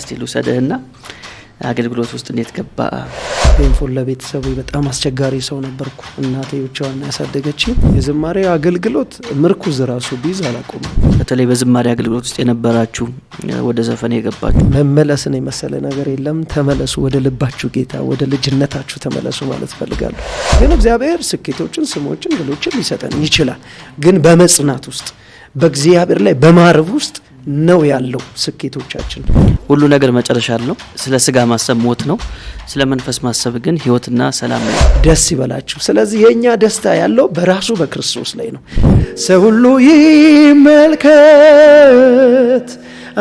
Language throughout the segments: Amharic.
እስቲ ልውሰድህና አገልግሎት ውስጥ እንዴት ገባ? ፔንፎን ለቤተሰቡ በጣም አስቸጋሪ ሰው ነበርኩ። እናቴ ብቻዋን ያሳደገች። የዝማሬ አገልግሎት ምርኩዝ ራሱ ቢዝ አላቁም በተለይ በዝማሬ አገልግሎት ውስጥ የነበራችሁ ወደ ዘፈን የገባችሁ መመለስን የመሰለ ነገር የለም። ተመለሱ ወደ ልባችሁ ጌታ፣ ወደ ልጅነታችሁ ተመለሱ ማለት እፈልጋለሁ። ግን እግዚአብሔር ስኬቶችን፣ ስሞችን፣ ድሎችን ሊሰጠን ይችላል። ግን በመጽናት ውስጥ በእግዚአብሔር ላይ በማረብ ውስጥ ነው ያለው ስኬቶቻችን። ሁሉ ነገር መጨረሻ አለው። ስለ ስጋ ማሰብ ሞት ነው፣ ስለ መንፈስ ማሰብ ግን ህይወትና ሰላም ነው። ደስ ይበላችሁ። ስለዚህ የእኛ ደስታ ያለው በራሱ በክርስቶስ ላይ ነው። ሰው ሁሉ ይመልከት፣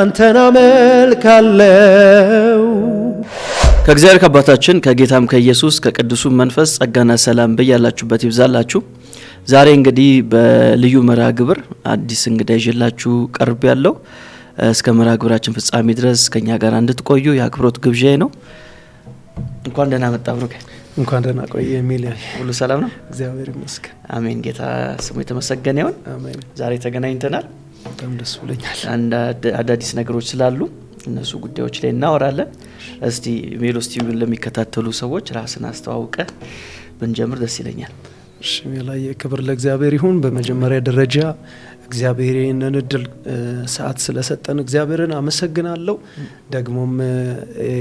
አንተን አመልካለው። ከእግዚአብሔር ከአባታችን ከጌታም ከኢየሱስ ከቅዱሱ መንፈስ ጸጋና ሰላም በያላችሁበት ይብዛላችሁ። ዛሬ እንግዲህ በልዩ መርሃ ግብር አዲስ እንግዳ ይዤላችሁ ቀርብ ያለው እስከ መርሃ ግብራችን ፍጻሜ ድረስ ከኛ ጋር እንድትቆዩ የአክብሮት ግብዣዬ ነው። እንኳን ደህና መጣ ብሩክ። እንኳን ደህና ቆየ የሚል ሁሉ ሰላም ነው። እግዚአብሔር ይመስገን። አሜን። ጌታ ስሙ የተመሰገነ ይሁን። ዛሬ ተገናኝተናል። በጣም ደስ ብሎኛል። አዳዲስ ነገሮች ስላሉ እነሱ ጉዳዮች ላይ እናወራለን። እስቲ ሜሎስ ቲቪን ለሚከታተሉ ሰዎች ራስን አስተዋውቀ ብንጀምር ደስ ይለኛል። እሺ የላየ ክብር ለእግዚአብሔር ይሁን። በመጀመሪያ ደረጃ እግዚአብሔር ይህንን እድል ሰዓት ስለሰጠን እግዚአብሔርን አመሰግናለሁ። ደግሞም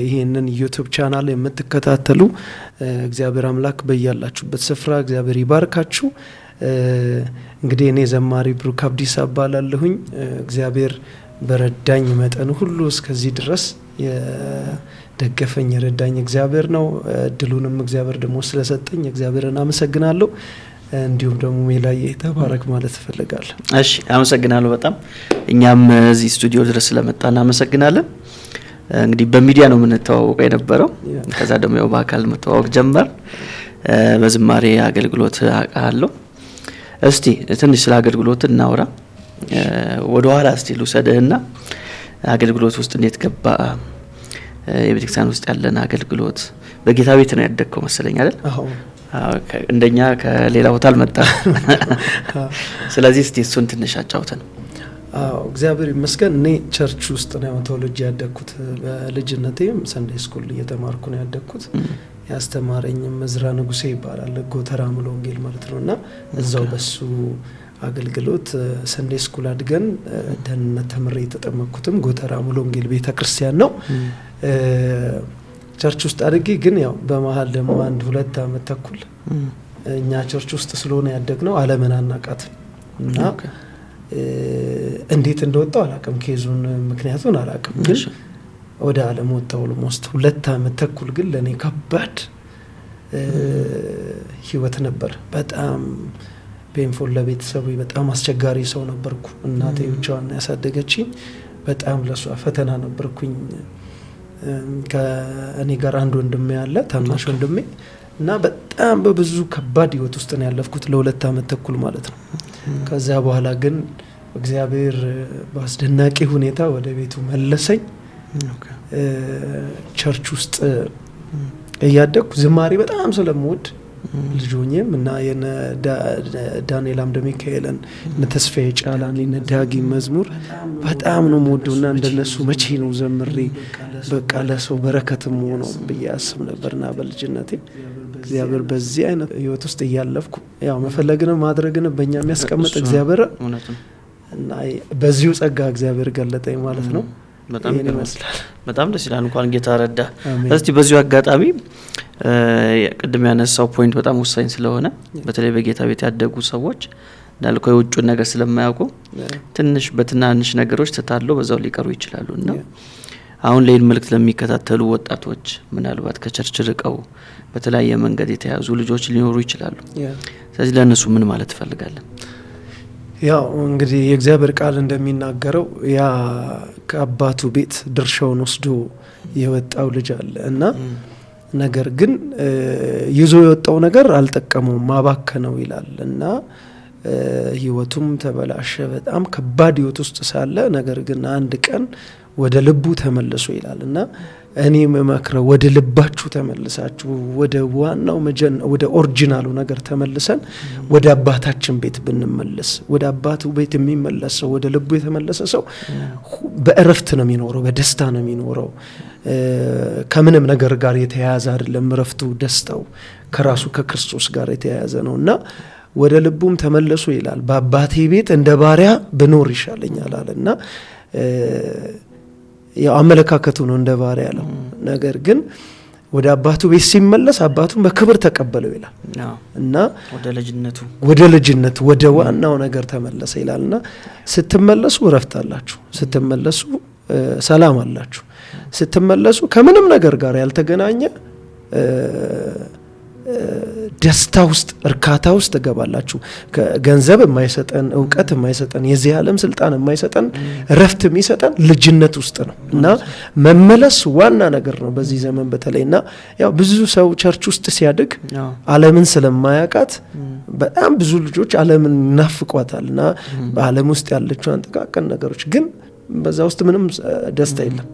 ይህንን ዩቱብ ቻናል የምትከታተሉ እግዚአብሔር አምላክ በያላችሁበት ስፍራ እግዚአብሔር ይባርካችሁ። እንግዲህ እኔ ዘማሪ ብሩክ አባላለሁኝ እግዚአብሔር በረዳኝ መጠን ሁሉ እስከዚህ ድረስ የደገፈኝ የረዳኝ እግዚአብሔር ነው። እድሉንም እግዚአብሔር ደግሞ ስለሰጠኝ እግዚአብሔርን አመሰግናለሁ። እንዲሁም ደግሞ ሜላዬ ተባረክ ማለት እፈልጋለሁ። እሺ አመሰግናለሁ በጣም እኛም እዚህ ስቱዲዮ ድረስ ስለመጣ እናመሰግናለን። እንግዲህ በሚዲያ ነው የምንተዋወቀው የነበረው። ከዛ ደግሞ ያው በአካል መተዋወቅ ጀመር። በዝማሬ አገልግሎት አውቃለሁ። እስቲ ትንሽ ስለ አገልግሎት እናውራ። ወደኋላ እስቲ ልውሰድህና አገልግሎት ውስጥ እንዴት ገባ፣ የቤተክርስቲያን ውስጥ ያለን አገልግሎት በጌታ ቤት ነው ያደግከው መሰለኝ አይደል? እንደኛ ከሌላ ቦታ አልመጣ። ስለዚህ እስቲ እሱን ትንሽ አጫውተን። እግዚአብሔር ይመስገን እኔ ቸርች ውስጥ ነው ተወልጄ ያደግኩት። በልጅነቴም ሰንዴ ስኩል እየተማርኩ ነው ያደግኩት። ያስተማረኝም እዝራ ንጉሴ ይባላል። ጎተራ ሙሉ ወንጌል ማለት ነው እና እዛው በሱ አገልግሎት ሰንዴ ስኩል አድገን ደህንነት ተምሬ የተጠመቅኩትም ጎተራ ሙሉ ወንጌል ቤተ ክርስቲያን ነው ቸርች ውስጥ አድጌ ግን ያው በመሀል ደግሞ አንድ ሁለት አመት ተኩል እኛ ቸርች ውስጥ ስለሆነ ያደግ ነው አለምን አናቃት እና እንዴት እንደወጣው አላቅም፣ ኬዙን ምክንያቱን አላቅም። ግን ወደ አለም ወጣው ሁለት አመት ተኩል ግን ለእኔ ከባድ ህይወት ነበር በጣም ፔንፎል ለቤተሰቡ በጣም አስቸጋሪ ሰው ነበርኩ። እናቴ ብቻዋን ያሳደገችኝ በጣም ለሷ ፈተና ነበርኩኝ። ከእኔ ጋር አንድ ወንድሜ ያለ ታናሽ ወንድሜ እና በጣም በብዙ ከባድ ህይወት ውስጥ ነው ያለፍኩት ለሁለት አመት ተኩል ማለት ነው። ከዚያ በኋላ ግን እግዚአብሔር በአስደናቂ ሁኔታ ወደ ቤቱ መለሰኝ። ቸርች ውስጥ እያደግኩ ዝማሬ በጣም ስለምወድ ልጅ ሆኜም እና የነ ዳንኤል አምደ ሚካኤልን እነ ተስፋዬ ጫላን የነ ዳጊ መዝሙር በጣም ነው የምወደው እና እንደነሱ መቼ ነው ዘምሬ በቃ ለሰው በረከትም ሆነው ብዬ አስብ ነበርና በልጅነቴ እግዚአብሔር በዚህ አይነት ህይወት ውስጥ እያለፍኩ ያው መፈለግን ማድረግን በእኛ የሚያስቀምጥ እግዚአብሔር እና በዚሁ ጸጋ እግዚአብሔር ገለጠኝ ማለት ነው። በጣም ይመስላል። በጣም ደስ ይላል። እንኳን ጌታ ረዳ። እስቲ በዚሁ አጋጣሚ ቅድም ያነሳው ፖይንት በጣም ወሳኝ ስለሆነ በተለይ በጌታ ቤት ያደጉ ሰዎች እንዳልከው የውጩን ነገር ስለማያውቁ ትንሽ በትናንሽ ነገሮች ተታለው በዛው ሊቀሩ ይችላሉ እና አሁን ለይን መልእክት ለሚከታተሉ ወጣቶች ምናልባት ከቸርች ርቀው በተለያየ መንገድ የተያዙ ልጆች ሊኖሩ ይችላሉ። ስለዚህ ለእነሱ ምን ማለት ትፈልጋለን? ያው እንግዲህ የእግዚአብሔር ቃል እንደሚናገረው ያ ከአባቱ ቤት ድርሻውን ወስዶ የወጣው ልጅ አለ እና ነገር ግን ይዞ የወጣው ነገር አልጠቀመውም፣ ነው ይላል እና ህይወቱም ተበላሸ። በጣም ከባድ ህይወት ውስጥ ሳለ ነገር ግን አንድ ቀን ወደ ልቡ ተመልሶ ይላል እና እኔ መመክረው ወደ ልባችሁ ተመልሳችሁ ወደ ዋናው መጀን ወደ ኦሪጂናሉ ነገር ተመልሰን ወደ አባታችን ቤት ብንመለስ፣ ወደ አባቱ ቤት የሚመለስ ሰው ወደ ልቡ የተመለሰ ሰው በእረፍት ነው የሚኖረው፣ በደስታ ነው የሚኖረው። ከምንም ነገር ጋር የተያያዘ አይደለም። እረፍቱ፣ ደስታው ከራሱ ከክርስቶስ ጋር የተያያዘ ነው እና ወደ ልቡም ተመለሱ ይላል። በአባቴ ቤት እንደ ባሪያ ብኖር ይሻለኛል አለ እና አመለካከቱ ነው እንደ ባህሪ ያለው ነገር ግን ወደ አባቱ ቤት ሲመለስ አባቱን በክብር ተቀበለው ይላል እና ወደ ልጅነቱ ወደ ልጅነቱ ወደ ዋናው ነገር ተመለሰ ይላል እና ስትመለሱ እረፍት አላችሁ፣ ስትመለሱ ሰላም አላችሁ፣ ስትመለሱ ከምንም ነገር ጋር ያልተገናኘ ደስታ ውስጥ እርካታ ውስጥ ትገባላችሁ። ገንዘብ የማይሰጠን እውቀት የማይሰጠን የዚህ ዓለም ስልጣን የማይሰጠን እረፍት የሚሰጠን ልጅነት ውስጥ ነው እና መመለስ ዋና ነገር ነው በዚህ ዘመን በተለይ እና ያው ብዙ ሰው ቸርች ውስጥ ሲያድግ ዓለምን ስለማያውቃት በጣም ብዙ ልጆች ዓለምን እናፍቋታል እና በዓለም ውስጥ ያለችው አንጠቃቀን ነገሮች ግን በዛ ውስጥ ምንም ደስታ የለም።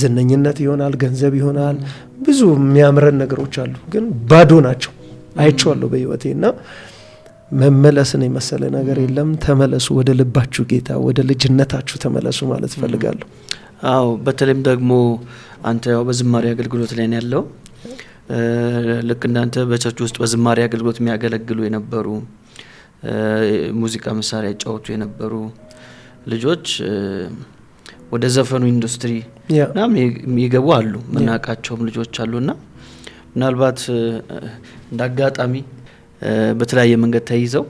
ዝነኝነት ይሆናል፣ ገንዘብ ይሆናል። ብዙ የሚያምረን ነገሮች አሉ፣ ግን ባዶ ናቸው። አይቼዋለሁ በህይወቴ እና መመለስን የመሰለ ነገር የለም። ተመለሱ ወደ ልባችሁ ጌታ፣ ወደ ልጅነታችሁ ተመለሱ ማለት እፈልጋለሁ። አዎ በተለይም ደግሞ አንተ ያው በዝማሬ አገልግሎት ላይ ነው ያለው። ልክ እንዳንተ በቸርች ውስጥ በዝማሬ አገልግሎት የሚያገለግሉ የነበሩ ሙዚቃ መሳሪያ ይጫወቱ የነበሩ ልጆች ወደ ዘፈኑ ኢንዱስትሪ ምናምን የሚገቡ አሉ ምናቃቸውም ልጆች ና ምናልባት እንደ አጋጣሚ በተለያየ መንገድ ተይዘው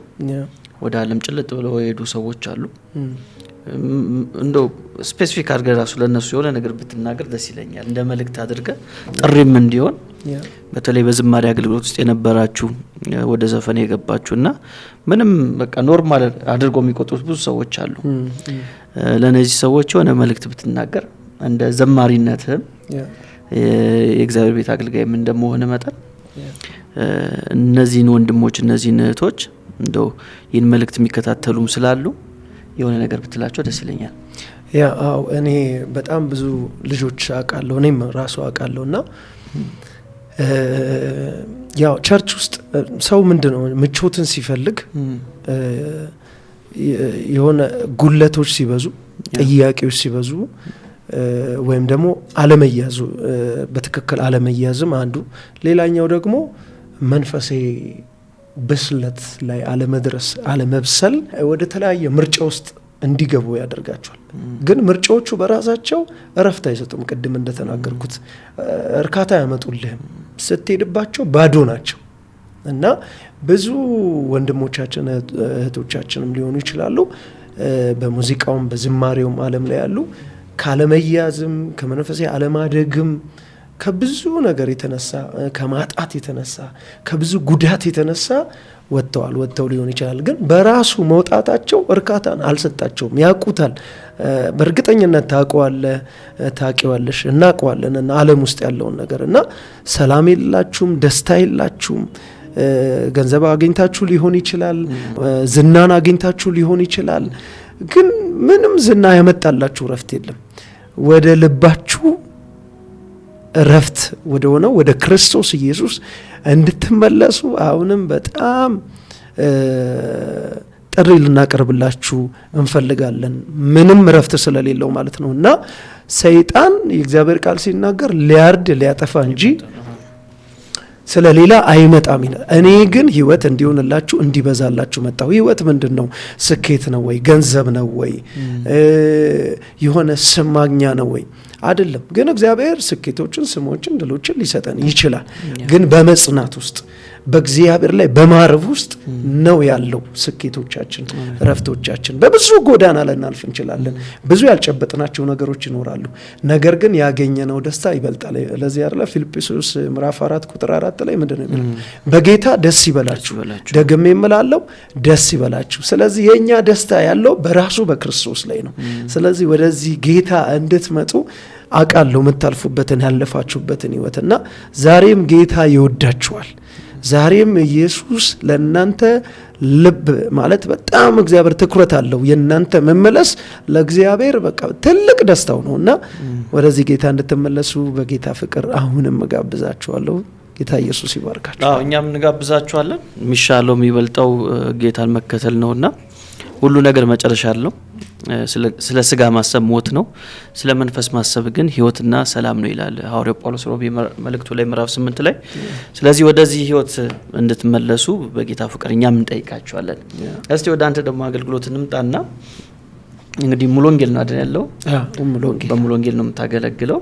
ወደ አለም ጭልጥ ብለው የሄዱ ሰዎች አሉ። እንደ ስፔሲፊክ አድርገ ራሱ ለእነሱ የሆነ ነገር ብትናገር ደስ ይለኛል፣ እንደ መልእክት አድርገ ጥሪም እንዲሆን በተለይ በዝማሬ አገልግሎት ውስጥ የነበራችሁ ወደ ዘፈን የገባችሁ እና ምንም በቃ ኖርማል አድርጎ የሚቆጥሩት ብዙ ሰዎች አሉ። ለእነዚህ ሰዎች የሆነ መልእክት ብትናገር እንደ ዘማሪነት የእግዚአብሔር ቤት አገልጋይም እንደመሆን መጠን እነዚህን ወንድሞች እነዚህን እህቶች እንደው ይህን መልእክት የሚከታተሉም ስላሉ የሆነ ነገር ብትላቸው ደስ ይለኛል። ያው እኔ በጣም ብዙ ልጆች አውቃለሁ፣ እኔም ራሱ አውቃለሁ። እና ያው ቸርች ውስጥ ሰው ምንድነው ነው ምቾትን ሲፈልግ የሆነ ጉለቶች ሲበዙ፣ ጥያቄዎች ሲበዙ ወይም ደግሞ አለመያዙ በትክክል አለመያዝም አንዱ፣ ሌላኛው ደግሞ መንፈሴ ብስለት ላይ አለመድረስ፣ አለመብሰል ወደ ተለያየ ምርጫ ውስጥ እንዲገቡ ያደርጋቸዋል። ግን ምርጫዎቹ በራሳቸው እረፍት አይሰጡም። ቅድም እንደተናገርኩት እርካታ አያመጡልህም። ስትሄድባቸው ባዶ ናቸው። እና ብዙ ወንድሞቻችን እህቶቻችንም ሊሆኑ ይችላሉ በሙዚቃውም በዝማሬውም ዓለም ላይ ያሉ ካለመያዝም ከመንፈሳዊ አለማደግም ከብዙ ነገር የተነሳ ከማጣት የተነሳ ከብዙ ጉዳት የተነሳ ወጥተዋል። ወጥተው ሊሆን ይችላል፣ ግን በራሱ መውጣታቸው እርካታን አልሰጣቸውም። ያውቁታል፣ በእርግጠኝነት ታውቀዋለህ፣ ታውቂዋለሽ፣ እናውቀዋለን ዓለም ውስጥ ያለውን ነገር እና ሰላም የላችሁም፣ ደስታ የላችሁም ገንዘብ አግኝታችሁ ሊሆን ይችላል፣ ዝናን አግኝታችሁ ሊሆን ይችላል። ግን ምንም ዝና ያመጣላችሁ እረፍት የለም። ወደ ልባችሁ እረፍት ወደ ሆነው ወደ ክርስቶስ ኢየሱስ እንድትመለሱ አሁንም በጣም ጥሪ ልናቀርብላችሁ እንፈልጋለን። ምንም እረፍት ስለሌለው ማለት ነው እና ሰይጣን የእግዚአብሔር ቃል ሲናገር ሊያርድ ሊያጠፋ እንጂ ስለ ሌላ አይመጣም ይላል። እኔ ግን ህይወት እንዲሆንላችሁ እንዲበዛላችሁ መጣሁ። ህይወት ምንድን ነው? ስኬት ነው ወይ? ገንዘብ ነው ወይ? የሆነ ስም ማግኛ ነው ወይ? አይደለም። ግን እግዚአብሔር ስኬቶችን፣ ስሞችን፣ ድሎችን ሊሰጠን ይችላል። ግን በመጽናት ውስጥ በእግዚአብሔር ላይ በማረፍ ውስጥ ነው ያለው ስኬቶቻችን፣ እረፍቶቻችን። በብዙ ጎዳና ልናልፍ እንችላለን። ብዙ ያልጨበጥናቸው ነገሮች ይኖራሉ። ነገር ግን ያገኘነው ደስታ ይበልጣል። ለዚህ ያለ ፊልጵስዩስ ምዕራፍ አራት ቁጥር አራት ላይ ምንድን ነው በጌታ ደስ ይበላችሁ፣ ደግሜ የምላለው ደስ ይበላችሁ። ስለዚህ የእኛ ደስታ ያለው በራሱ በክርስቶስ ላይ ነው። ስለዚህ ወደዚህ ጌታ እንድትመጡ አውቃለሁ የምታልፉበትን ያለፋችሁበትን ህይወትና ዛሬም ጌታ ይወዳችኋል። ዛሬም ኢየሱስ ለእናንተ ልብ ማለት በጣም እግዚአብሔር ትኩረት አለው። የእናንተ መመለስ ለእግዚአብሔር በቃ ትልቅ ደስታው ነው እና ወደዚህ ጌታ እንድትመለሱ በጌታ ፍቅር አሁንም እጋብዛችኋለሁ። ጌታ ኢየሱስ ይባርካችሁ። እኛም እንጋብዛችኋለን። የሚሻለው የሚበልጠው ጌታን መከተል ነውና ሁሉ ነገር መጨረሻ አለው። ስለ ስጋ ማሰብ ሞት ነው፣ ስለ መንፈስ ማሰብ ግን ህይወትና ሰላም ነው ይላል ሐዋርያው ጳውሎስ ሮቤ መልእክቱ ላይ ምዕራፍ ስምንት ላይ። ስለዚህ ወደዚህ ህይወት እንድትመለሱ በጌታ ፍቅር እኛም እንጠይቃቸዋለን። እስቲ ወደ አንተ ደግሞ አገልግሎት እንምጣና እንግዲህ ሙሉ ወንጌል ነው አይደል ያለው? በሙሉ ወንጌል ነው የምታገለግለው።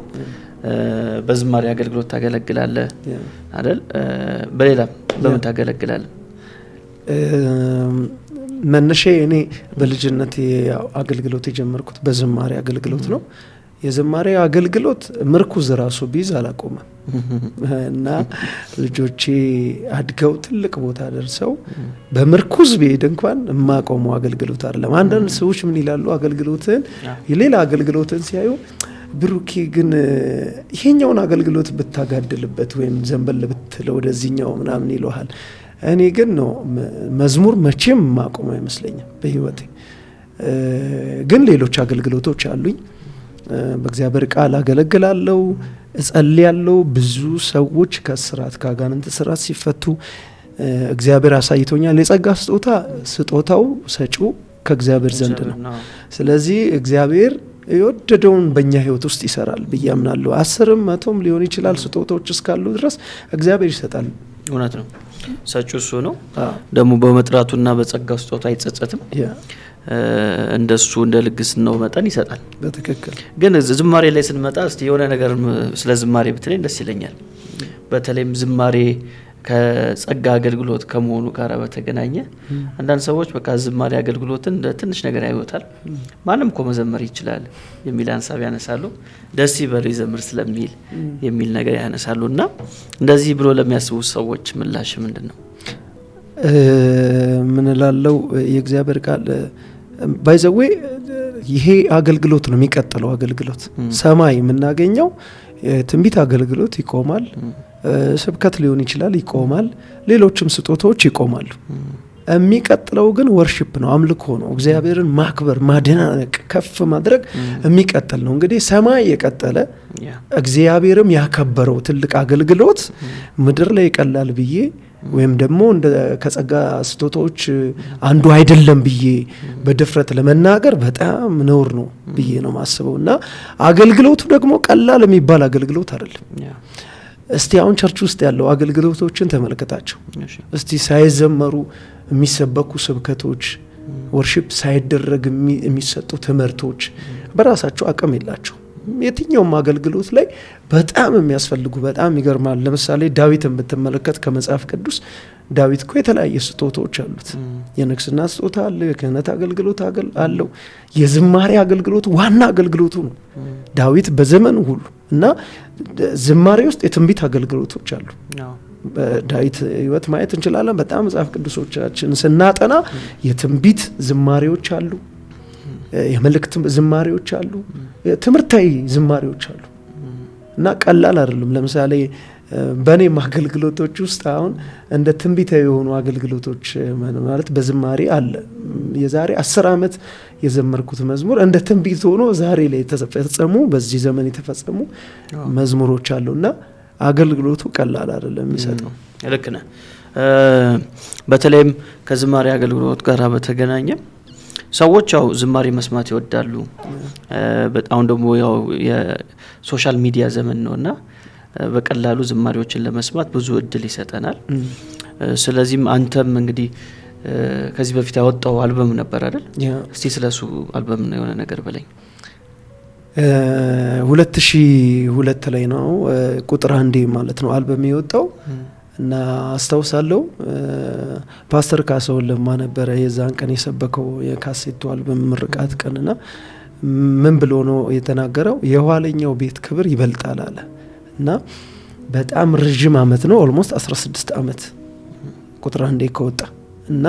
በዝማሪ አገልግሎት ታገለግላለ አይደል? በሌላ በምን መነሻ እኔ በልጅነት አገልግሎት የጀመርኩት በዝማሬ አገልግሎት ነው። የዝማሬ አገልግሎት ምርኩዝ ራሱ ቢዝ አላቆመም እና ልጆቼ አድገው ትልቅ ቦታ ደርሰው በምርኩዝ ብሄድ እንኳን የማቆመው አገልግሎት አይደለም። አንዳንድ ሰዎች ምን ይላሉ? አገልግሎትን የሌላ አገልግሎትን ሲያዩ ብሩኬ ግን ይሄኛውን አገልግሎት ብታጋድልበት ወይም ዘንበል ብትለው ወደዚህኛው ምናምን ይለሃል። እኔ ግን ነው መዝሙር መቼም ማቆም አይመስለኝም በህይወቴ። ግን ሌሎች አገልግሎቶች አሉኝ። በእግዚአብሔር ቃል አገለግላለሁ፣ እጸልያለሁ። ብዙ ሰዎች ከስራት ከአጋንንት ስራት ሲፈቱ እግዚአብሔር አሳይቶኛል። የጸጋ ስጦታ ስጦታው ሰጪው ከእግዚአብሔር ዘንድ ነው። ስለዚህ እግዚአብሔር የወደደውን በእኛ ህይወት ውስጥ ይሰራል ብዬ አምናለሁ። አስርም መቶም ሊሆን ይችላል። ስጦታዎች እስካሉ ድረስ እግዚአብሔር ይሰጣል። እውነት ነው። ሰጩ እሱ ነው ደግሞ በመጥራቱና በጸጋ ስጦታ አይጸጸትም። እንደሱ እንደ ልግስናው መጠን ይሰጣል። በትክክል ግን ዝማሬ ላይ ስንመጣ እስቲ የሆነ ነገር ስለ ዝማሬ ብትለኝ ደስ ይለኛል። በተለይም ዝማሬ ከጸጋ አገልግሎት ከመሆኑ ጋር በተገናኘ አንዳንድ ሰዎች በቃ ዝማሬ አገልግሎትን እንደ ትንሽ ነገር ያዩታል። ማንም እኮ መዘመር ይችላል የሚል ሀንሳብ ያነሳሉ። ደስ ይበል ይዘምር ስለሚል የሚል ነገር ያነሳሉ። እና እንደዚህ ብሎ ለሚያስቡ ሰዎች ምላሽ ምንድን ነው? ምንላለው የእግዚአብሔር ቃል ባይዘዌ ይሄ አገልግሎት ነው የሚቀጥለው አገልግሎት ሰማይ የምናገኘው ትንቢት አገልግሎት ይቆማል። ስብከት ሊሆን ይችላል፣ ይቆማል። ሌሎችም ስጦታዎች ይቆማሉ። የሚቀጥለው ግን ወርሽፕ ነው፣ አምልኮ ነው። እግዚአብሔርን ማክበር፣ ማደናነቅ፣ ከፍ ማድረግ የሚቀጥል ነው። እንግዲህ ሰማይ የቀጠለ እግዚአብሔርም ያከበረው ትልቅ አገልግሎት ምድር ላይ ይቀላል ብዬ ወይም ደግሞ እንደ ከጸጋ ስጦታዎች አንዱ አይደለም ብዬ በድፍረት ለመናገር በጣም ነውር ነው ብዬ ነው ማስበው እና አገልግሎቱ ደግሞ ቀላል የሚባል አገልግሎት አይደለም። እስቲ አሁን ቸርች ውስጥ ያለው አገልግሎቶችን ተመልከታቸው። እስቲ ሳይዘመሩ የሚሰበኩ ስብከቶች፣ ወርሽፕ ሳይደረግ የሚሰጡ ትምህርቶች በራሳቸው አቅም የላቸው። የትኛውም አገልግሎት ላይ በጣም የሚያስፈልጉ በጣም ይገርማል። ለምሳሌ ዳዊትን ብትመለከት ከመጽሐፍ ቅዱስ ዳዊት እኮ የተለያየ ስጦታዎች አሉት። የንግስና ስጦታ አለ፣ የክህነት አገልግሎት አለው፣ የዝማሬ አገልግሎት ዋና አገልግሎቱ ነው ዳዊት በዘመኑ ሁሉ እና ዝማሬ ውስጥ የትንቢት አገልግሎቶች አሉ። በዳዊት ህይወት ማየት እንችላለን። በጣም መጽሐፍ ቅዱሶቻችን ስናጠና የትንቢት ዝማሬዎች አሉ፣ የመልእክት ዝማሬዎች አሉ፣ ትምህርታዊ ዝማሬዎች አሉ እና ቀላል አይደሉም ለምሳሌ በእኔም አገልግሎቶች ውስጥ አሁን እንደ ትንቢታዊ የሆኑ አገልግሎቶች ማለት በዝማሬ አለ። የዛሬ አስር ዓመት የዘመርኩት መዝሙር እንደ ትንቢት ሆኖ ዛሬ ላይ የተፈጸሙ በዚህ ዘመን የተፈጸሙ መዝሙሮች አሉ እና አገልግሎቱ ቀላል አይደለም የሚሰጠው። ልክ ነህ። በተለይም ከዝማሬ አገልግሎት ጋር በተገናኘ ሰዎች ያው ዝማሬ መስማት ይወዳሉ። በጣም ደግሞ ያው የሶሻል ሚዲያ ዘመን ነው እና በቀላሉ ዝማሬዎችን ለመስማት ብዙ እድል ይሰጠናል። ስለዚህም አንተም እንግዲህ ከዚህ በፊት ያወጣው አልበም ነበር አይደል? እስቲ ስለ እሱ አልበም ነው የሆነ ነገር በለኝ። ሁለት ሺ ሁለት ላይ ነው ቁጥር አንዴ ማለት ነው አልበም የወጣው እና አስታውሳለው ፓስተር ካሰውን ለማ ነበረ የዛን ቀን የሰበከው የካሴቱ አልበም ምርቃት ቀንና ምን ብሎ ነው የተናገረው? የኋለኛው ቤት ክብር ይበልጣል አለ። እና በጣም ረዥም አመት ነው። ኦልሞስት 16 አመት ቁጥር አንዴ ከወጣ እና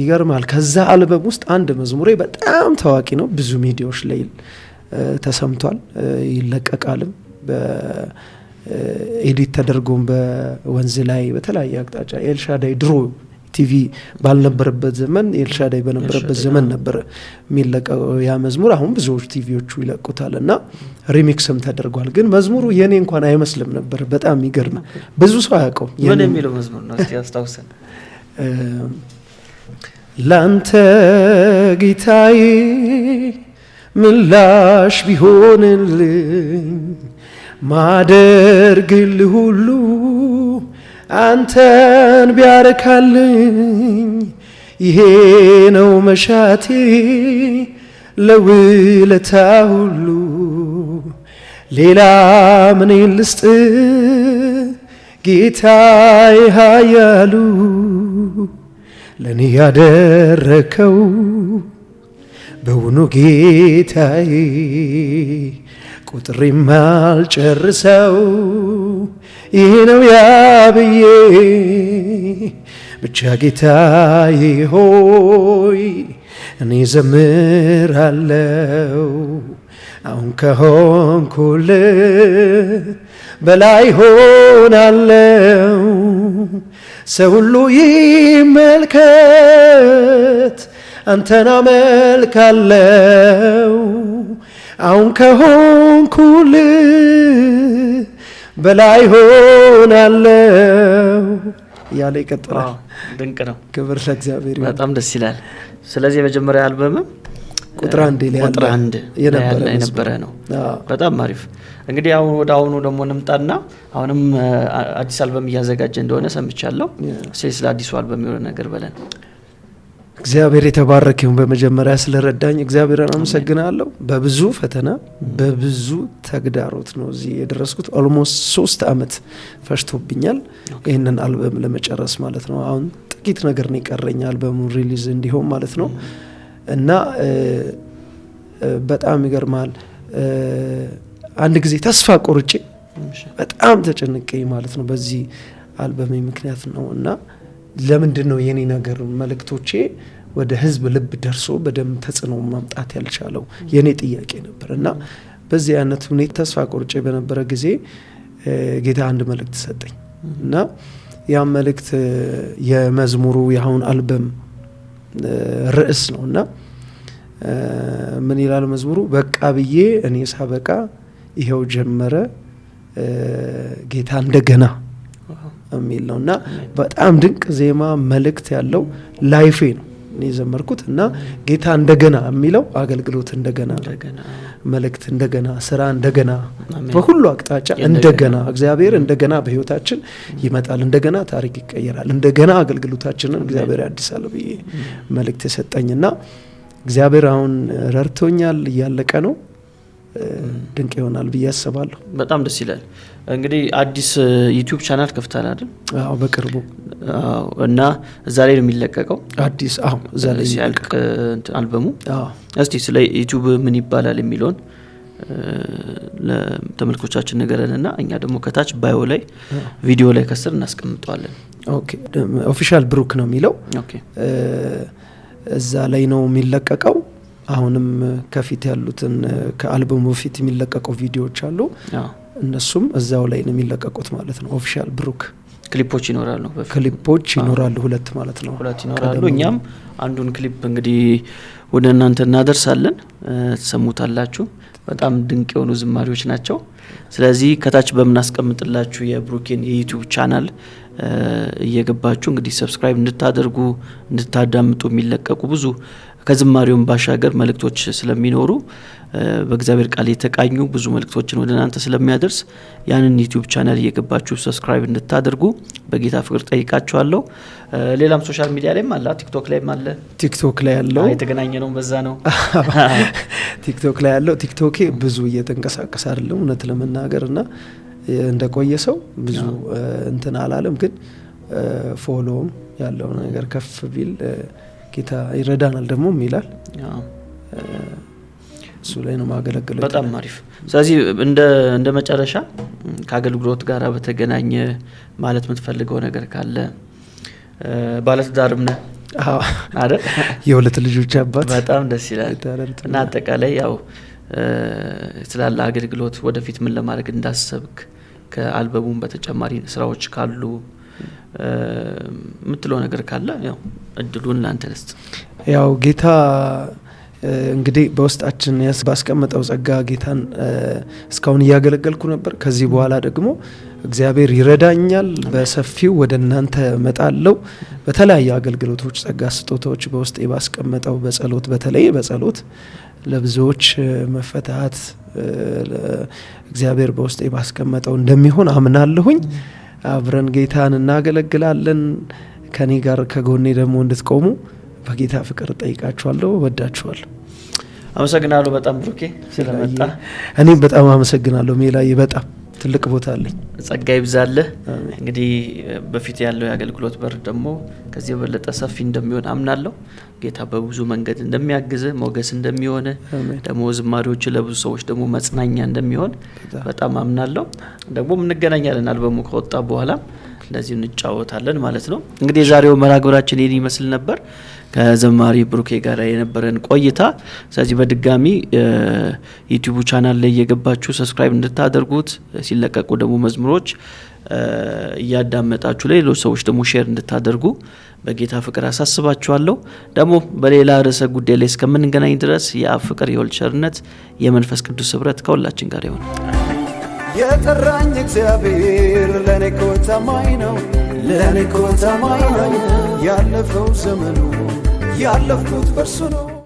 ይገርማል። ከዛ አልበም ውስጥ አንድ መዝሙሬ በጣም ታዋቂ ነው። ብዙ ሚዲያዎች ላይ ተሰምቷል፣ ይለቀቃልም ኤዲት ተደርጎም በወንዝ ላይ በተለያየ አቅጣጫ ኤልሻዳይ ድሮ ቲቪ ባልነበረበት ዘመን ኤልሻዳይ በነበረበት ዘመን ነበረ የሚለቀው ያ መዝሙር። አሁን ብዙዎች ቲቪዎቹ ይለቁታል እና ሪሚክስም ተደርጓል። ግን መዝሙሩ የእኔ እንኳን አይመስልም ነበር። በጣም ይገርም። ብዙ ሰው አያውቀው የሚለው መዝሙር ነው። አስታውሰን። ላንተ ጌታዬ ምላሽ ቢሆንልኝ ማደርግልህ ሁሉ አንተን ቢያረካልኝ ይሄ ነው መሻቴ ለውለታ ሁሉ ሌላ ምን ልስጥ ጌታዬ ኃያሉ ለእኔ ያደረከው በውኑ ጌታዬ ቁጥሬም አልጨርሰው ይሄ ነው ያብዬ ብቻ ጌታዬ ሆይ እኔ ዘምራለው አሁን ከሆንኩል በላይ ሆናለው። ሰው ሁሉ ይመልከት አንተን አመልካለው። አሁን ከሆንኩል በላይ ሆናለው እያለ ይቀጥላል። ድንቅ ነው። ክብር ለእግዚአብሔር። በጣም ደስ ይላል። ስለዚህ የመጀመሪያ አልበምም ቁጥር አንድ ቁጥር አንድ የነበረ ነው። በጣም አሪፍ። እንግዲህ አሁን ወደ አሁኑ ደግሞ እንምጣና አሁንም አዲስ አልበም እያዘጋጀ እንደሆነ ሰምቻለሁ። ስለ አዲሱ አልበም የሆነ ነገር በለን እግዚአብሔር የተባረክ ይሁን። በመጀመሪያ ስለረዳኝ እግዚአብሔርን አመሰግናለሁ። በብዙ ፈተና በብዙ ተግዳሮት ነው እዚህ የደረስኩት። ኦልሞስት ሶስት አመት ፈጅቶብኛል ይህንን አልበም ለመጨረስ ማለት ነው። አሁን ጥቂት ነገር ነው የቀረኝ አልበሙን ሪሊዝ እንዲሆን ማለት ነው እና በጣም ይገርማል። አንድ ጊዜ ተስፋ ቆርጬ በጣም ተጨንቄ ማለት ነው በዚህ አልበሜ ምክንያት ነው እና ለምንድን ነው የኔ ነገር መልእክቶቼ ወደ ህዝብ ልብ ደርሶ በደንብ ተጽዕኖ ማምጣት ያልቻለው የእኔ ጥያቄ ነበር እና በዚህ አይነት ሁኔታ ተስፋ ቆርጬ በነበረ ጊዜ ጌታ አንድ መልእክት ሰጠኝ እና ያ መልእክት የመዝሙሩ የአሁን አልበም ርዕስ ነው እና ምን ይላል መዝሙሩ? በቃ ብዬ እኔ ሳበቃ ይኸው ጀመረ ጌታ እንደገና የሚል ነው እና በጣም ድንቅ ዜማ መልእክት ያለው ላይፌ ነው። የዘመርኩት እና ጌታ እንደገና የሚለው አገልግሎት እንደገና መልእክት እንደገና ስራ እንደገና በሁሉ አቅጣጫ እንደገና እግዚአብሔር እንደገና በህይወታችን ይመጣል፣ እንደገና ታሪክ ይቀየራል፣ እንደገና አገልግሎታችንን እግዚአብሔር ያድሳል ብዬ መልእክት የሰጠኝና እግዚአብሔር አሁን ረድቶኛል። እያለቀ ነው። ድንቅ ይሆናል ብዬ አስባለሁ። በጣም ደስ ይላል። እንግዲህ አዲስ ዩቲዩብ ቻናል ከፍታል አይደል? በቅርቡ እና እዛ ላይ ነው የሚለቀቀው አዲስ ሲያልቅ አልበሙ እስቲ ስለ ዩቱብ ምን ይባላል የሚለውን ለተመልኮቻችን ነገረን እና እኛ ደግሞ ከታች ባዮ ላይ ቪዲዮ ላይ ከስር እናስቀምጠዋለን ኦፊሻል ብሩክ ነው የሚለው እዛ ላይ ነው የሚለቀቀው አሁንም ከፊት ያሉትን ከአልበሙ በፊት የሚለቀቁ ቪዲዮዎች አሉ እነሱም እዛው ላይ ነው የሚለቀቁት ማለት ነው ኦፊሻል ብሩክ ክሊፖች ይኖራሉ። ክሊፖች ይኖራሉ፣ ሁለት ማለት ነው። ሁለት ይኖራሉ። እኛም አንዱን ክሊፕ እንግዲህ ወደ እናንተ እናደርሳለን፣ ትሰሙታላችሁ። በጣም ድንቅ የሆኑ ዝማሪዎች ናቸው። ስለዚህ ከታች በምናስቀምጥላችሁ የብሩኬን የዩቲዩብ ቻናል እየገባችሁ እንግዲህ ሰብስክራይብ እንድታደርጉ እንድታዳምጡ የሚለቀቁ ብዙ ከዝማሬውን ባሻገር መልእክቶች ስለሚኖሩ በእግዚአብሔር ቃል የተቃኙ ብዙ መልእክቶችን ወደ እናንተ ስለሚያደርስ ያንን ዩቲዩብ ቻናል እየገባችሁ ሰብስክራይብ እንድታደርጉ በጌታ ፍቅር ጠይቃችኋለሁ። ሌላም ሶሻል ሚዲያ ላይም አለ፣ ቲክቶክ ላይም አለ። ቲክቶክ ላይ ያለው የተገናኘ ነው፣ በዛ ነው። ቲክቶክ ላይ ያለው ቲክቶኬ ብዙ እየተንቀሳቀሰ አይደለም እውነት ለመናገር እና እንደቆየ ሰው ብዙ እንትን አላለም፣ ግን ፎሎም ያለው ነገር ከፍ ቢል ጌታ ይረዳናል ደግሞ ይላል። እሱ ላይ ነው ማገለግለ። በጣም አሪፍ። ስለዚህ እንደ መጨረሻ ከአገልግሎት ጋር በተገናኘ ማለት የምትፈልገው ነገር ካለ ባለትዳርም ነ አ የሁለት ልጆች አባት። በጣም ደስ ይላል። እና አጠቃላይ ያው ስላለ አገልግሎት ወደፊት ምን ለማድረግ እንዳሰብክ ከአልበሙም በተጨማሪ ስራዎች ካሉ የምትለው ነገር ካለ ያው እድሉን ለአንተ ደስ ያው ጌታ እንግዲህ በውስጣችን ባስቀመጠው ጸጋ ጌታን እስካሁን እያገለገልኩ ነበር። ከዚህ በኋላ ደግሞ እግዚአብሔር ይረዳኛል። በሰፊው ወደ እናንተ መጣለው። በተለያየ አገልግሎቶች፣ ጸጋ ስጦታዎች በውስጤ ባስቀመጠው በጸሎት በተለይ በጸሎት ለብዙዎች መፈታት እግዚአብሔር በውስጤ ባስቀመጠው እንደሚሆን አምናለሁኝ። አብረን ጌታን እናገለግላለን። ከኔ ጋር ከጎኔ ደግሞ እንድትቆሙ በጌታ ፍቅር ጠይቃችኋለሁ። ወዳችኋለሁ። አመሰግናለሁ በጣም ብሩኬ ስለመጣ። እኔም በጣም አመሰግናለሁ ሜላዬ በጣም ትልቅ ቦታ አለኝ። ጸጋ ይብዛለህ። እንግዲህ በፊት ያለው የአገልግሎት በር ደግሞ ከዚህ የበለጠ ሰፊ እንደሚሆን አምናለሁ። ጌታ በብዙ መንገድ እንደሚያግዝ ሞገስ እንደሚሆን ደግሞ ዝማሪዎች ለብዙ ሰዎች ደግሞ መጽናኛ እንደሚሆን በጣም አምናለሁ። ደግሞ እንገናኛለን። አልበሙ ከወጣ በኋላ ለዚህ እንጫወታለን ማለት ነው። እንግዲህ የዛሬው መርሃ ግብራችን ይህን ይመስል ነበር ከዘማሪ ብሩኬ ጋር የነበረን ቆይታ። ስለዚህ በድጋሚ ዩቲዩቡ ቻናል ላይ እየገባችሁ ሰብስክራይብ እንድታደርጉት ሲለቀቁ ደግሞ መዝሙሮች እያዳመጣችሁ ለሌሎች ሰዎች ደግሞ ሼር እንድታደርጉ በጌታ ፍቅር አሳስባችኋለሁ። ደግሞ በሌላ ርዕሰ ጉዳይ ላይ እስከምንገናኝ ድረስ የአብ ፍቅር፣ የወልድ ቸርነት፣ የመንፈስ ቅዱስ ህብረት ከሁላችን ጋር ይሆናል። የጠራኝ እግዚአብሔር ለእኔኮ ታማኝ ነው፣ ለእኔኮ ታማኝ ነው። ያለፈው ዘመኑ ያለፍኩት በርሱ ነው።